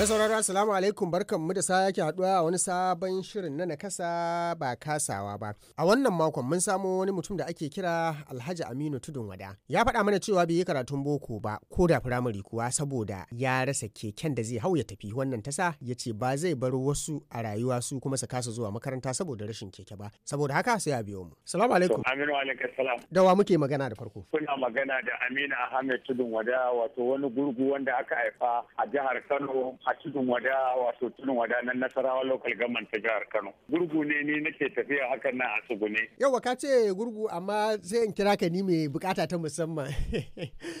Masauraro Assalamu alaikum mu da sake haduwa a wani sabon shirin na nakasa ba kasawa ba. A wannan makon mun samo wani mutum da ake kira Alhaji Aminu Tudun Wada. Ya faɗa mana cewa bai yi karatun boko ba ko da firamare kuwa saboda ya rasa keken da zai hau ya tafi wannan tasa ya ce ba zai bar wasu a rayuwa su kuma su kasa zuwa makaranta saboda rashin keke ba. Saboda haka sai a biyo mu. salamu alaikum. Aminu alaikum salam. dawa muke magana da farko? Kuna magana da Aminu Ahmed Tudun Wada wato wani gurgu wanda aka haifa a jihar Kano a tudun wada wato tudun wada nan nasarawa local government ta jihar Kano. Gurgu ne ni nake tafiya hakan nan a tsugune. Yau ka ce gurgu amma sai in kira ka ni mai bukata ta musamman.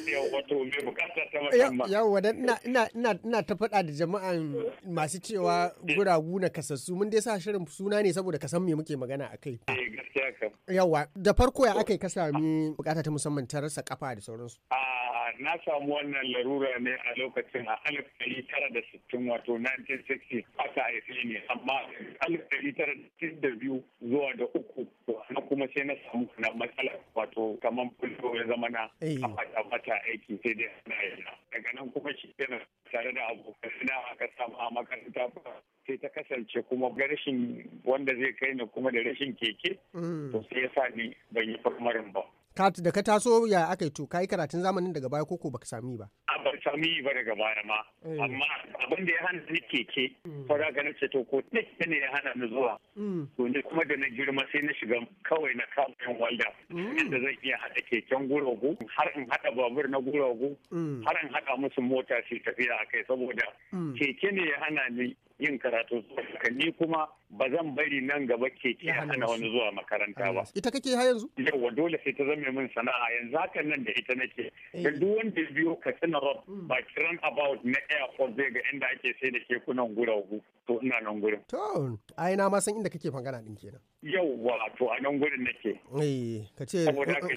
Yau wato mai bukata ta musamman. Yau wadan ina ina ina ta faɗa da jama'an masu cewa guragu na kasassu mun dai sa shirin suna ne saboda ka san me muke magana akai. Eh gaskiya kam. Yawwa da farko ya akai ka sami bukata ta musamman ta rasa kafa da sauransu. Ah na samu wannan larura ne a lokacin a alif dari tara da sittin wato 1960 aka ne amma alif dari tara da sittin da biyu zuwa da uku na kuma sai na samu na matsala wato kamar fulfo ya zama na eh. a mata aiki sai dai ana yana daga nan kuma shi yana tare da abokan aka samu a makaranta sai ta kasance kuma ga rashin wanda zai kai ni kuma da rashin keke mm. to sai ya sa ni ban yi farmarin ba. da ka taso ya aka yi to ka yi karatun zamanin daga baya koko baka sami ba a ba sami ba daga baya ma eh. amma abin da ya hana ni keke hmm. ko da ga na to ko ne ya hana ni zuwa hmm. to ni kuma da na girma sai na shiga kawai na kama walda inda hmm. zan iya haɗa keken guragu har in haɗa babur na guragu har in haɗa musu mota su tafiya kai saboda keke ne ya hana ni yin karatu ni kuma ba zan bari nan gaba keke ke hana wani zuwa makaranta ba. Ita kake ha yanzu? Yawwa dole sai ta zame min sana'a yanzu hakan nan da ita nake. Eh. Da duk wanda biyo rob hmm. ba kiran about na airport zai ga inda ake sai da kekunan hu to ina nan gurin. To a na ma san inda kake magana din kenan. Yawwa to a nan gurin nake. Eh ka ce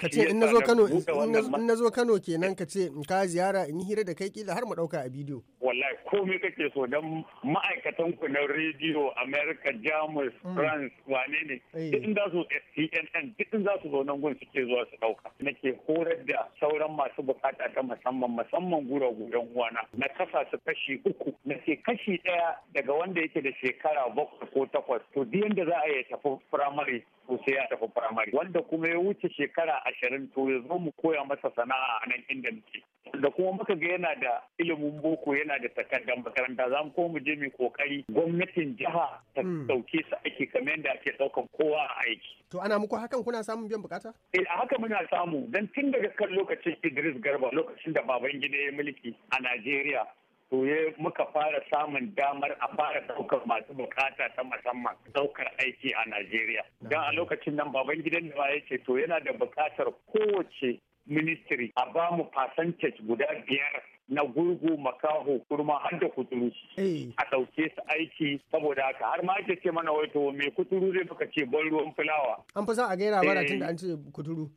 ka ce in nazo Kano in nazo Kano kenan ka ce in ka ziyara in hira da kai kila har mu dauka a bidiyo. Wallahi komai kake so dan ma'aikatan ku na rediyo America jamus mm. france wane ne eh. duk za su cnn duk za su zo gun suke zuwa su dauka nake horar da sauran masu bukata ta musamman musamman gura gudan uwana na kasa su kashi uku na ke kashi daya daga wanda yake da shekara bakwai ko takwas to duk yanda za a yi tafi firamare sosai sai ya tafi firamare wanda kuma ya wuce shekara ashirin to ya zo mu koya masa sana'a a nan inda muke da kuma muka ga yana da ilimin boko yana da takardar makaranta za mu ko mu je mu kokari gwamnatin jiha ta dauke hmm. su aiki kamar yadda ake daukan kowa a aiki to ana muku hakan kuna samun biyan bukata eh a haka muna samu dan tun daga kan lokacin Idris Garba lokacin da Babangida ya mulki a Najeriya to ya muka fara samun damar a fara daukar masu bukata ta musamman daukar aiki a Najeriya. Don a lokacin nan baban gidan da ya ce to yana da bukatar kowace ministry a ba mu percentage guda biyar na gurgu makaho kurma har da kuturu eh. a ɗauke su aiki saboda haka har ma ake ce mana wato mai kuturu zai baka ce ban ruwan fulawa an fi a gaira bara eh. tun da an ce kuturu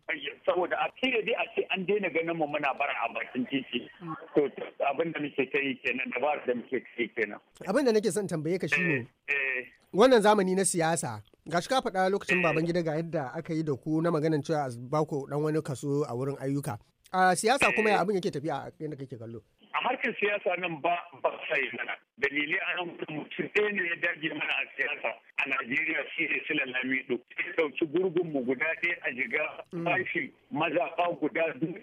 saboda a kila dai a ce an daina ganin mu muna bara a bakin titi to abin da muke kai kenan dabarar da muke kai kenan abin da nake son tambaye ka shi ne. Eh, wannan zamani na siyasa ga shi ka faɗa lokacin eh. baban gida ga yadda aka yi da ku na maganin cewa ba ku dan wani kaso a wurin ayyuka a siyasa kuma ya eh. abin yake tafiya a yadda kake kallo a harkar siyasa nan ba ba sai mana dalilai a nan mutum ɗaya ne ya dage mana a siyasa a Najeriya shi ne Sila Lamido ya ɗauki gurgun mu guda ɗaya a jiga fashi mm. mazaɓa guda duk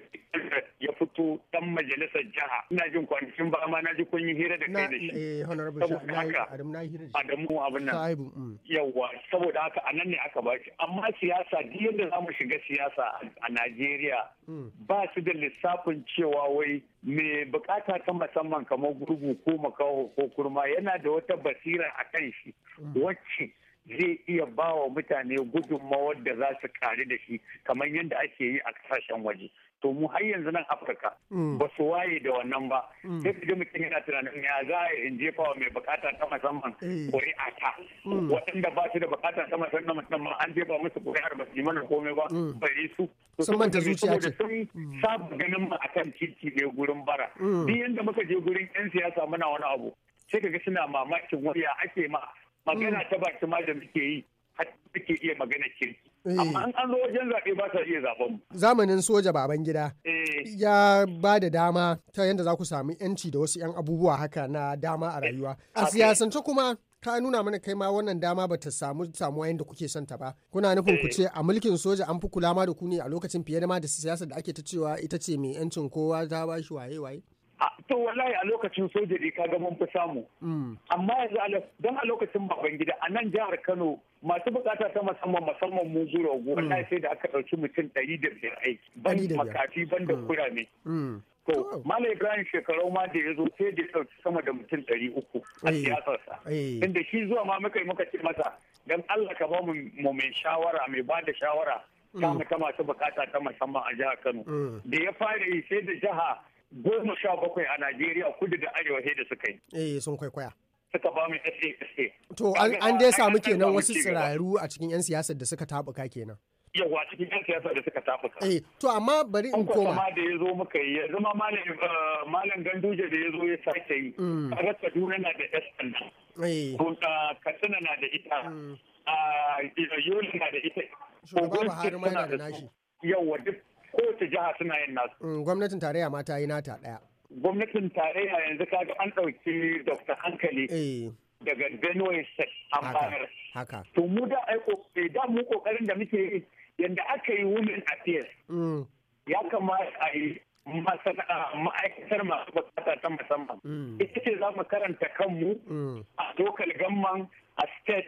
ya fito dan majalisar jiha ina jin kwanakin ba ma na ji kun yi hira da kai da shi eh, saboda haka abin nan mm. yawa saboda haka a nan ne aka ba shi amma siyasa duk yadda za mu shiga siyasa a najeriya mm. ba su da lissafin cewa wai me bukata ta musamman kamar gurgu ko makaho ko kurma yana da wata basira a kan shi mm. wacce zai iya ba wa mutane gudunmawar da za su kare da shi kamar yadda ake yi a kasashen waje to mu har yanzu nan afirka mm. ba su waye da wannan ba duk mm. da mutum yana tunanin ya za a in jefa wa mai bukata ta musamman eh. ƙuri'a ta mm. waɗanda ba su da bukata ta musamman musamman an jefa musu ƙuri'ar ba su yi mana komai ba bari su sun manta zuciya ce sun saba ganin mu akan titi ne gurin bara duk yanda muka je gurin yan siyasa muna wani abu sai ka ga suna mamakin waya ake ma magana mm. ta ta ma da muke yi har muke iya magana kirki eh. amma an an zo wajen zaɓe ba sa iya zaɓen mu zamanin soja baban gida eh. ya ba da dama ta yadda za ku samu yanci da wasu 'yan abubuwa haka na dama a rayuwa a siyasance kuma ka nuna mana kai ma wannan dama ba ta samu samuwa yadda kuke son ta ba kuna nufin ku eh. ce a mulkin soja an fi kula ma da ku ne a lokacin fiye da ma da siyasa da ake ta cewa ita ce mai yancin kowa ta ba shi waye waye to wallahi a lokacin soja dai ka mun fi samu mm. amma yanzu don a lokacin baban gida a nan jihar Kano masu bukata ta musamman musamman mu zuwa mm. wallahi sai da aka ɗauki mutum ɗari da biyar aiki ban makafi ban da mm. kurame to malam ibrahim shekarau ma da ya zo sai da ɗauki sama da mutum ɗari uku a siyasarsa inda shi zuwa ma muka yi muka ce masa don Allah ka ba mu mai shawara mai ba da shawara ta masu bukata ta musamman a jihar Kano da ya fara yi sai da jiha goma sha bakwai a Najeriya kudu da arewa sai da suka yi. Eh sun kwaikwaya. Suka ba mu SASA. To an dai samu kenan wasu tsiraru a cikin 'yan siyasar da suka tabuka kenan. a cikin 'yan siyasar da suka tabuka. Eh to amma bari in koma. Kuma da ya zo muka yi ya zama eh, malam ganduje da ya zo ya sake yi. Mm. Kaga Kaduna na da S sannan. Eh. eh. Katsina na da ita. Mm. Ah, Yola na da ita. Shugaba Buhari ma yana da nashi. Yawwa duk kowace jiha suna yin nasu. Mm, gwamnatin tarayya ma ta yi nata ɗaya. Gwamnatin tarayya yanzu kaga an ɗauki Dr. Hankali. Eh. Daga Benue State an Haka. To mu da eh, da mu kokarin da muke yi yadda aka yi women affairs. Mm. Ya kamata a yi ma'aikatar masu bukata ta musamman. Mm. Ita ce za mu karanta kanmu a local gamman a state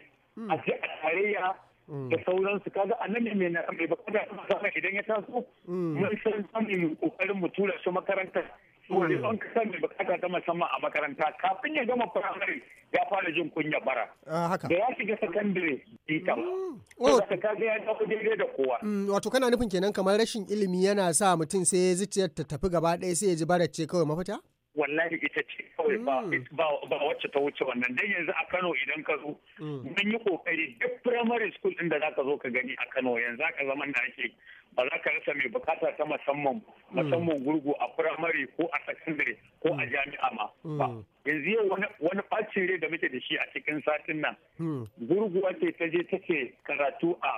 a tarayya Mm. da sauransu kaga nan ne mai mai bakada sama idan ya taso mm. mun san zamu kokarin mu tura su makaranta mm. wani an kasa mai bukata ta musamman a makaranta kafin ya gama firamare ya fara jin kunya bara ah, da ya shiga sakandare ita wata ka ya dawo daidai da kowa wato kana nufin kenan kamar rashin ilimi yana sa mutum sai zuciyar ta tafi gaba ɗaya sai ya ji bara ce kawai mafita wallahi ita ce kawai hmm. ba wacce ta wuce wannan dan yanzu a Kano idan ka zo hmm. mun yi kokari duk primary school din da zaka zo ka gani a Kano yanzu aka zama da ake ba za ka rasa mai bukata ta musamman hmm. musamman gurgu a primary ko a secondary ko a jami'a ma yanzu yau wani bacin rai da muke da shi a cikin satin nan gurguwa ce ta je take karatu a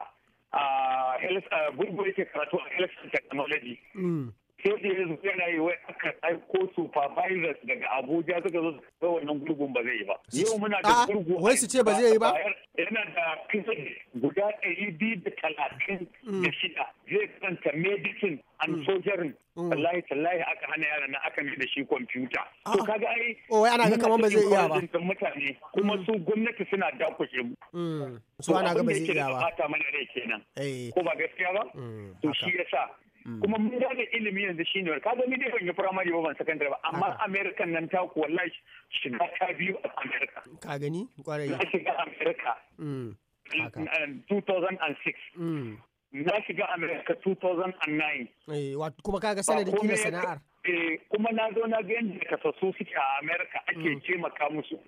a gurgu yake karatu a health technology sai da ya yana yi wai aka aiko supervisors daga abuja suka zo da wannan gurgun ba zai yi ba yau muna da ah, gurgu wai su ce ba zai yi ba yana da kisan guda ɗari biyu da talatin mm. da shida zai kanta medicine and mm. sojarin mm. wallahi tallahi aka hana yara na aka da shi kwamfuta ah. to kaga ai oh wai ana ga kaman ba zai iya ba mutane kuma su gwamnati suna dakushe mu su ana ga ba zai iya ba eh. ko ba gaskiya ba to shi yasa Mm. kuma mun da ilimi yanzu shine ka ga ni ban yi primary ba ban secondary ba amma America nan ta ku wallahi shiga ta biyu a America ka gani kwarai na shiga America 2006 mm. mm, na shiga America 2009 eh, kuma ga sanadin kila sana'ar eh, kuma na zo na ga yadda kasassu suke a America ake maka musu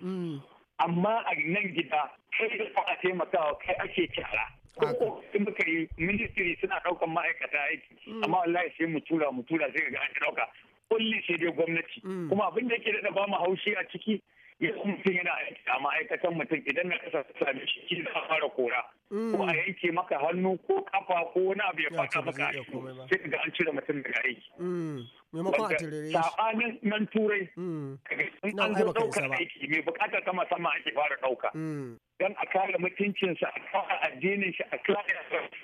amma a nan gida kai da a taimakawa kai ake kyara ko in muka yi ministry suna daukan ma'aikata aiki mm. amma wallahi sai mu tura mu tura sai ga an dauka kulli sai dai gwamnati mm. kuma abin da yake da ba mu haushi a ciki ya mutum yana aiki a ma'aikatan mutum idan na kasa sami shi shi fara kora ko a yanke maka hannu ko kafa ko wani abu ya faɗa maka a sai ga an cire mutum daga aiki. Mm. Maimakon a tirere shi. Saɓanin nan turai. Mm. an zo ɗaukar aiki mai buƙatar sama a ake fara ɗauka. Mm. Don a kare mutuncinsa, a kare addinin shi, a kare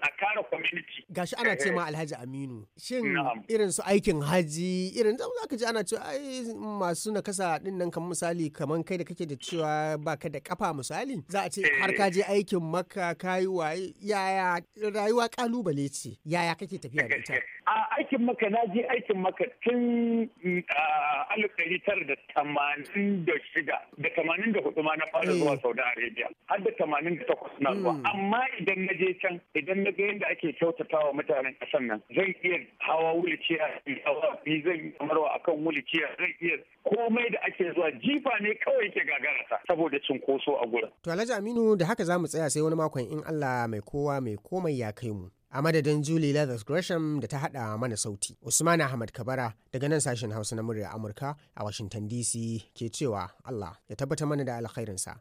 a kare community. Gashi ana ce ma eh. Alhaji Aminu. Shin irin su aikin haji irin za ka ji ana cewa ai masu kasa din nan kan misali kaman kai da kake da cewa baka da kafa misali za a ce har ka eh. je aikin maka. ka rayuwa yaya rayuwa kalubale ce yaya kake tafiya da ita a aikin maka na je aikin maka tun ah, alif ɗari da tamanin da shida da tamanin da hudu ma na fara zuwa eh. saudi arabia har da tamanin da takwas na zuwa hmm. amma idan na je can idan na ga yadda ake kyautatawa mutanen kasan nan zan iya hawa wuliciya hawa bi zan kamarwa akan wuliciya zan iya komai da ake zuwa jifa ne kawai ke gagarata saboda cinkoso a gurin to alhaji aminu da haka za mu tsaya sai wani makon in Allah mai kowa mai komai ya kai mu. A madadin Julie Leathers Gresham da ta haɗa mana sauti, Usman Ahmad Kabara daga nan sashen Hausa na murya Amurka a Washington DC ke cewa Allah ya tabbata mana da alkhairinsa.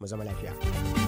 Mu zama lafiya.